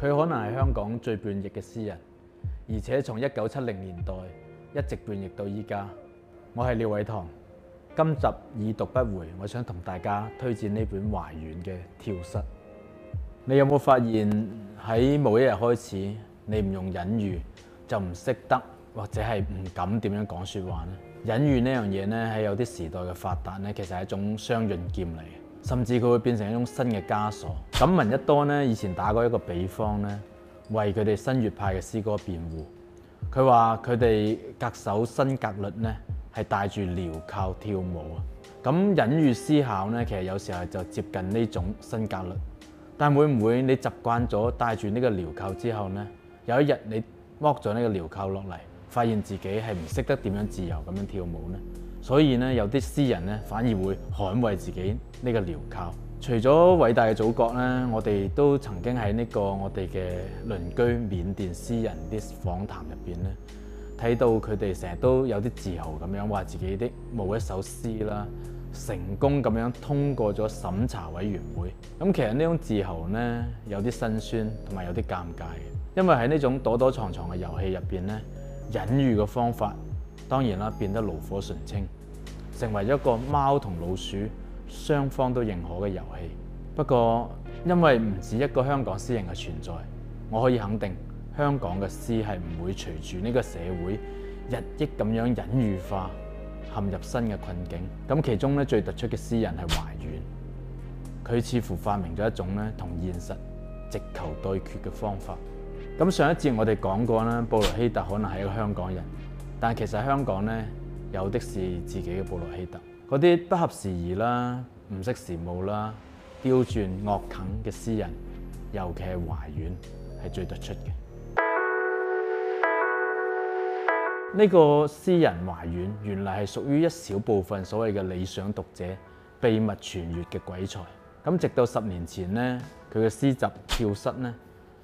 佢可能係香港最叛逆嘅詩人，而且從一九七零年代一直叛逆到依家。我係廖偉棠，今集已讀不回，我想同大家推薦呢本淮遠嘅《跳虱》。你有冇發現喺某一日開始，你唔用隱喻就唔識得或者係唔敢點樣講說話呢？隱喻呢樣嘢呢，喺有啲時代嘅發達呢，其實係一種雙刃劍嚟嘅。甚至佢會變成一種新嘅枷鎖。咁聞一多呢，以前打過一個比方呢，為佢哋新月派嘅詩歌辯護。佢話佢哋格守新格律呢，係帶住鐐銬跳舞啊。咁隱喻思考呢，其實有時候就接近呢種新格律。但會唔會你習慣咗帶住呢個鐐銬之後呢，有一日你剝咗呢個鐐銬落嚟，發現自己係唔識得點樣自由咁樣跳舞呢？所以咧，有啲詩人咧，反而會捍衞自己呢個牢靠。除咗偉大嘅祖國咧，我哋都曾經喺呢個我哋嘅鄰居緬甸詩人啲訪談入邊咧，睇到佢哋成日都有啲自豪咁樣話自己啲某一首詩啦，成功咁樣通過咗審查委員會。咁其實呢種自豪呢，有啲辛酸同埋有啲尷尬嘅，因為喺呢種躲躲藏藏嘅遊戲入邊呢，隱喻嘅方法當然啦變得爐火純青。成為一個貓同老鼠雙方都認可嘅遊戲。不過因為唔止一個香港詩人嘅存在，我可以肯定香港嘅詩係唔會隨住呢個社會日益咁樣隱喻化，陷入新嘅困境。咁其中咧，最突出嘅詩人係淮遠，佢似乎發明咗一種咧，同現實直球對決嘅方法。咁上一節我哋講過呢，布羅希特可能係一個香港人，但其實香港呢。有的是自己嘅布洛希特，嗰啲不合時宜啦、唔識時務啦、刁鑽惡啃嘅詩人，尤其係淮遠係最突出嘅。呢 個詩人淮遠原嚟係屬於一小部分所謂嘅理想讀者，秘密傳閱嘅鬼才。咁直到十年前呢，佢嘅詩集跳呢《跳虱》咧，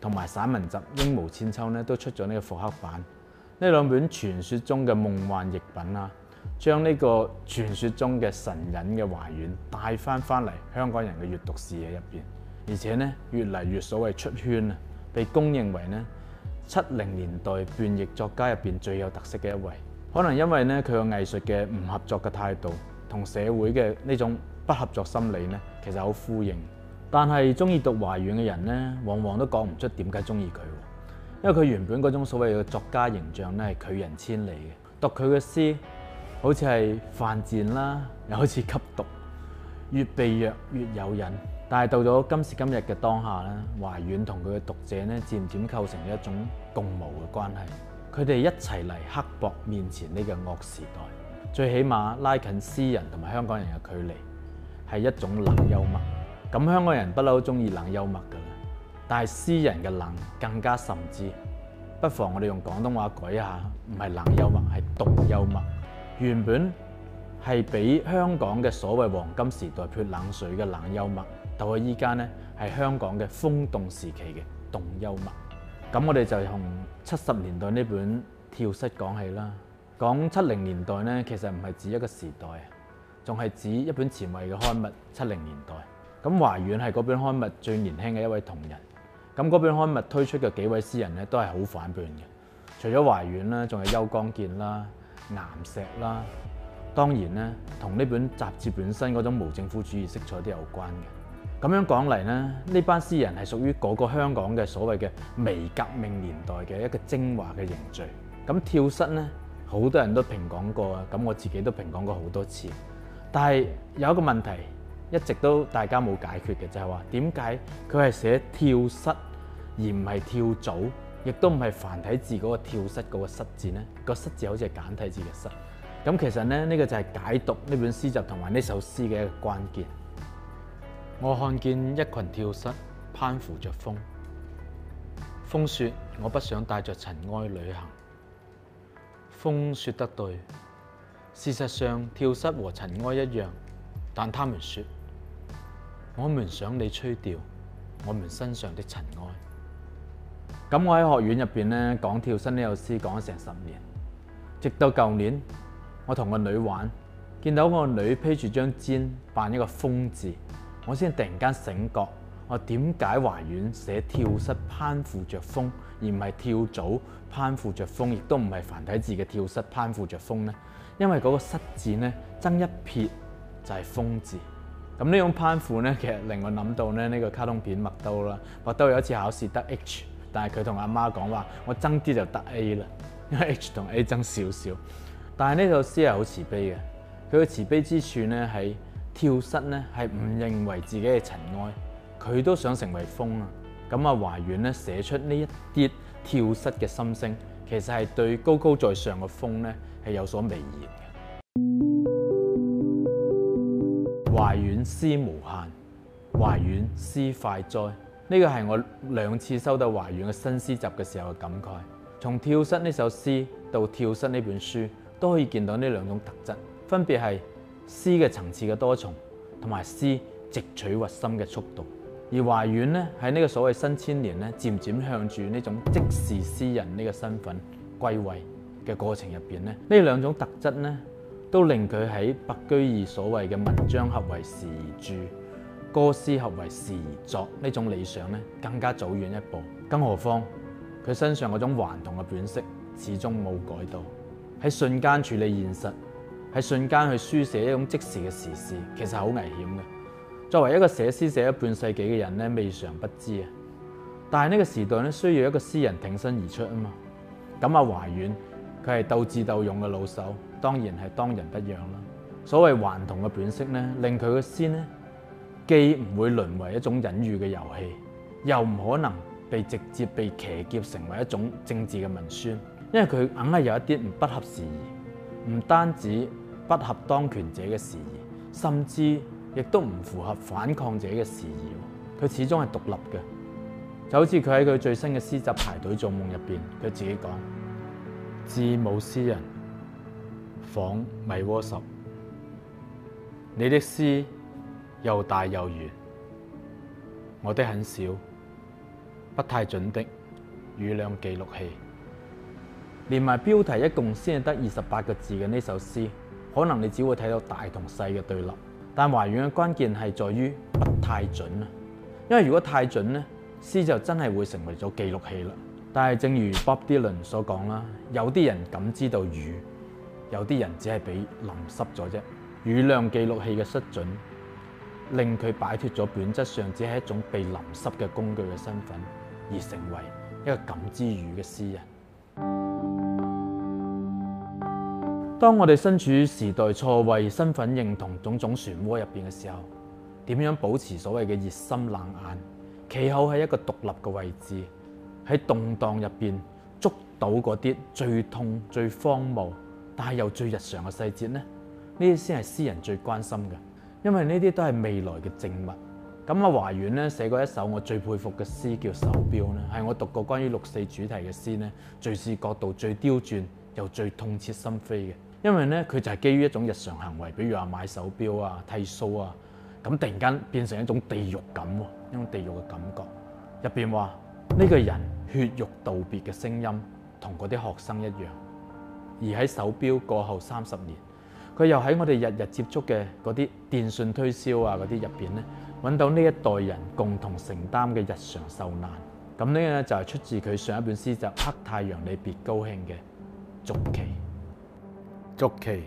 同埋散文集《鸚鵡韆鞦》咧，都出咗呢個復刻版。呢兩本傳説中嘅夢幻譯品啊，將呢個傳説中嘅神隱嘅淮遠帶翻翻嚟香港人嘅閱讀視野入邊，而且呢，越嚟越所謂出圈啊，被公認為呢七零年代叛逆作家入邊最有特色嘅一位。可能因為呢，佢嘅藝術嘅唔合作嘅態度，同社會嘅呢種不合作心理呢，其實好呼應但是，但係中意讀淮遠嘅人呢，往往都講唔出點解中意佢。因為佢原本嗰種所謂嘅作家形象咧係拒人千里嘅，讀佢嘅詩好似係犯賤啦，又好似吸毒，越被虐越有癮。但係到咗今時今日嘅當下咧，淮遠同佢嘅讀者咧漸漸構成一種共謀嘅關係，佢哋一齊嚟刻薄面前呢個惡時代，最起碼拉近詩人同埋香港人嘅距離，係一種冷幽默。咁香港人不嬲中意冷幽默㗎。但係，詩人嘅冷更加甚至，不妨我哋用廣東話舉一下，唔係冷幽默，係凍幽默。原本係俾香港嘅所謂黃金時代潑冷水嘅冷幽默，到去依家呢係香港嘅風凍時期嘅凍幽默。咁我哋就係從七十年代呢本跳虱講起啦。講七零年代呢，其實唔係指一個時代，仲係指一本前衛嘅刊物《七零年代》。咁淮遠係嗰本刊物最年輕嘅一位同仁。咁嗰本刊物推出嘅幾位詩人咧，都係好反叛嘅。除咗淮遠啦，仲有邱光健啦、岩石啦。當然咧，同呢本雜誌本身嗰種無政府主義色彩都有關嘅。咁樣講嚟呢，呢班詩人係屬於嗰個香港嘅所謂嘅未革命年代嘅一個精華嘅凝聚。咁跳虱呢，好多人都評講過啊。咁我自己都評講過好多次。但係有一個問題一直都大家冇解決嘅，就係話點解佢係寫跳虱？而唔係跳蚤，亦都唔係繁體字嗰個跳蝨嗰個蝨字，呢個蝨字好似係簡體字嘅虱。咁其實呢，呢個就係解讀呢本詩集同埋呢首詩嘅一個關鍵。我看見一群跳蚤攀附着風，風説：我不想帶著塵埃旅行。風説得對，事實上跳蚤和塵埃一樣，但他們説：我們想你吹掉我們身上的塵埃。咁我喺學院入邊咧講跳虱呢個詩講咗成十年，直到舊年我同個女玩，見到個女披住張氈扮一個風字，我先突然間醒覺，我點解淮遠寫跳虱攀附着風，而唔係跳蚤攀附着風，亦都唔係繁體字嘅跳蝨攀附着風呢？因為嗰個虱字呢，爭一撇就係風字，咁呢種攀附呢，其實令我諗到咧呢個卡通片麥兜啦，麥兜有一次考試得 H。但係佢同阿媽講話，我爭啲就得 A 啦，因為 H 同 A 爭少少。但係呢首詩係好慈悲嘅，佢嘅慈悲之處呢，係跳虱呢係唔認為自己嘅塵埃，佢都想成為風啊！咁啊，淮遠呢寫出呢一啲跳虱嘅心聲，其實係對高高在上嘅風呢係有所微言嘅。淮遠詩無限，淮遠詩快哉。呢個係我兩次收到淮遠嘅新詩集嘅時候嘅感慨。從《跳虱》呢首詩到《跳虱》呢本書，都可以見到呢兩種特質，分別係詩嘅層次嘅多重，同埋詩直取核心嘅速度。而淮遠呢，喺呢個所謂新千年呢，漸漸向住呢種即時詩人呢個身份歸位嘅過程入邊呢，呢兩種特質呢，都令佢喺白居易所謂嘅文章合為時而著，歌詩合為時而作呢種理想咧，更加走遠一步。更何況佢身上嗰種頑童嘅本色，始終冇改到。喺瞬間處理現實，喺瞬間去書寫一種即時嘅時事，其實好危險嘅。作為一個寫詩寫咗半世紀嘅人咧，未嘗不知啊。但係呢個時代咧，需要一個詩人挺身而出啊嘛。咁阿淮遠佢係鬥智鬥勇嘅老手，當然係當仁不讓啦。所謂頑童嘅本色咧，令佢嘅詩咧，既唔會淪為一種隱喻嘅遊戲，又唔可能被直接被騎劫成為一種政治嘅文宣，因為佢硬係有一啲唔不合時宜，唔單止不合當權者嘅時宜，甚至亦都唔符合反抗者嘅時宜。佢始終係獨立嘅，就好似佢喺佢最新嘅詩集排隊夢《排隊做夢》入邊，佢自己講：字母詩人，仿米沃什，你的詩，又大又圓，我的很小不太準的雨量記錄器，連埋標題一共先係得二十八個字嘅呢首詩，可能你只會睇到大同細嘅對立，但淮遠嘅關鍵係在於不太準啦，因為如果太準呢，詩就真係會成為咗記錄器啦。但係正如 Bob Dylan 所講啦，有啲人感知到雨，有啲人只係俾淋濕咗啫。雨量記錄器嘅失準。令佢擺脫咗本質上只係一種被淋濕嘅工具嘅身份，而成為一個感知語嘅詩人。當我哋身處時代錯位、身份認同、種種漩渦入邊嘅時候，點樣保持所謂嘅熱心冷眼，企好喺一個獨立嘅位置，喺動盪入邊捉到嗰啲最痛、最荒謬，但係又最日常嘅細節呢？呢啲先係詩人最關心嘅。因為呢啲都係未來嘅證物。咁阿華遠淮遠咧寫過一首我最佩服嘅詩，叫《手錶》咧，係我讀過關於六四主題嘅詩咧，敘事角度最刁鑽又最痛切心扉嘅。因為咧佢就係基於一種日常行為，比如話買手錶啊、剃鬚啊，咁突然間變成一種地獄感，一種地獄嘅感覺。入邊話呢個人血肉道別嘅聲音，同嗰啲學生一樣，而喺手錶過後三十年。佢又喺我哋日日接觸嘅嗰啲電訊推銷啊，嗰啲入邊呢，揾到呢一代人共同承擔嘅日常受難。咁呢個呢，就係出自佢上一本詩集《黑太陽，你別高興》嘅續期。續期。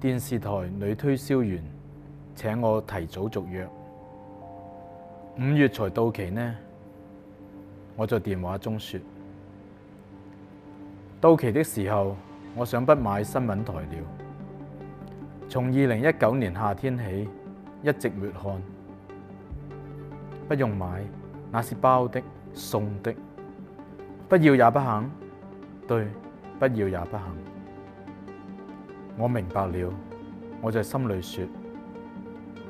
電視台女推銷員請我提早續約，五月才到期呢。我在電話中說：到期的時候。我想不買新聞台了。從二零一九年夏天起，一直沒看。不用買，那是包的、送的。不要也不肯，對，不要也不肯。我明白了，我在心裏說：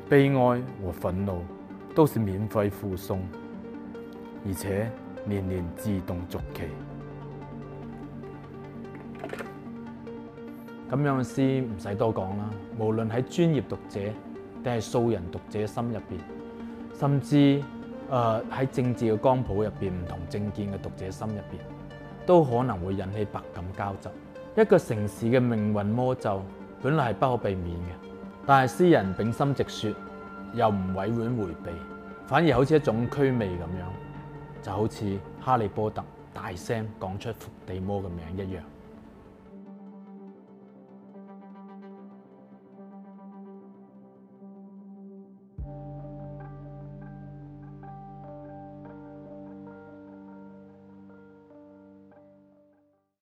悲哀和憤怒都是免費附送，而且年年自動續期。咁樣嘅詩唔使多講啦，無論喺專業讀者定係素人讀者心入邊，甚至誒喺、呃、政治嘅光譜入邊唔同政見嘅讀者心入邊，都可能會引起百感交集。一個城市嘅命運魔咒本來係不可避免嘅，但係詩人秉心直說，又唔委婉迴避，反而好似一種祛魅咁樣，就好似《哈利波特》大聲講出伏地魔嘅名一樣。